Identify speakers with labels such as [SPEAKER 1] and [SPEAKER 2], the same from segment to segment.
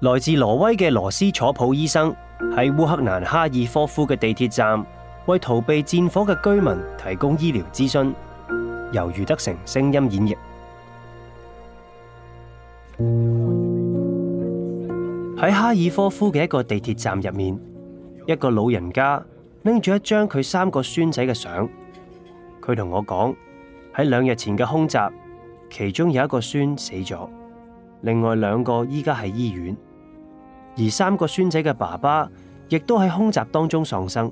[SPEAKER 1] 來自挪威嘅羅斯楚普醫生，喺烏克蘭哈爾科夫嘅地鐵站，為逃避戰火嘅居民提供醫療諮詢。由余德丞聲音演繹。喺哈爾科夫嘅一個地鐵站入面，一個老人家拎住一張佢三個孫仔嘅相。佢同我講，喺兩日前嘅空襲，其中有一個孫死咗，另外兩個依家喺醫院。而三個孫仔嘅爸爸亦都喺空襲當中喪生，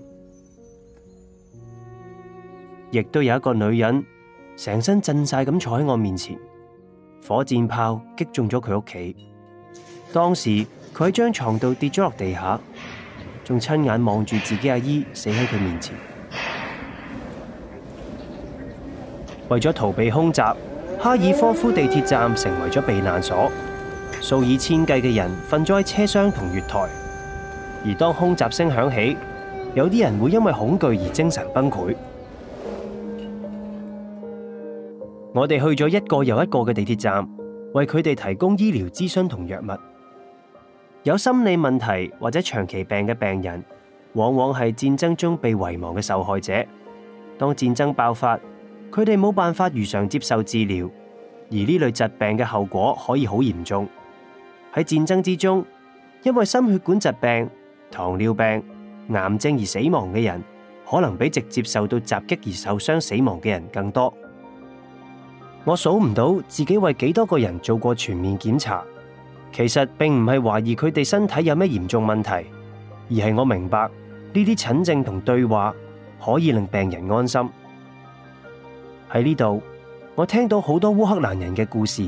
[SPEAKER 1] 亦都有一個女人成身震晒咁坐喺我面前，火箭炮擊中咗佢屋企，當時佢喺張床度跌咗落地下，仲親眼望住自己阿姨死喺佢面前。為咗逃避空襲，哈爾科夫地鐵站成為咗避難所。數以千計嘅人瞓咗喺車廂同月台，而當空襲聲響起，有啲人會因為恐懼而精神崩潰。我哋去咗一個又一個嘅地鐵站，為佢哋提供醫療諮詢同藥物。有心理問題或者長期病嘅病人，往往係戰爭中被遺忘嘅受害者。當戰爭爆發，佢哋冇辦法如常接受治療。而呢類疾病嘅後果可以好嚴重。喺戰爭之中，因為心血管疾病、糖尿病、癌症而死亡嘅人，可能比直接受到襲擊而受傷死亡嘅人更多。我數唔到自己為幾多個人做過全面檢查，其實並唔係懷疑佢哋身體有咩嚴重問題，而係我明白，呢啲診症同對話可以令病人安心。喺呢度，我聽到好多烏克蘭人嘅故事，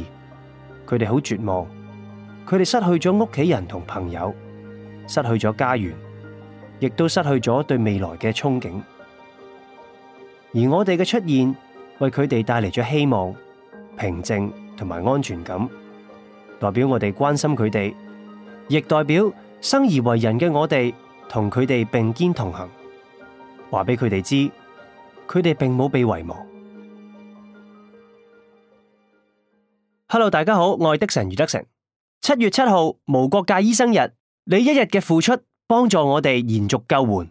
[SPEAKER 1] 佢哋好絕望，佢哋失去咗屋企人同朋友，失去咗家園，亦都失去咗對未來嘅憧憬。而我哋嘅出現，為佢哋帶嚟咗希望、平靜同埋安全感，代表我哋關心佢哋，亦代表生而為人嘅我哋同佢哋並肩同行，話俾佢哋知，佢哋並冇被遺忘。Hello，大家好，我係 Dickson，余德丞，七月七號無國界醫生日，你一日嘅付出，幫助我哋延續救援。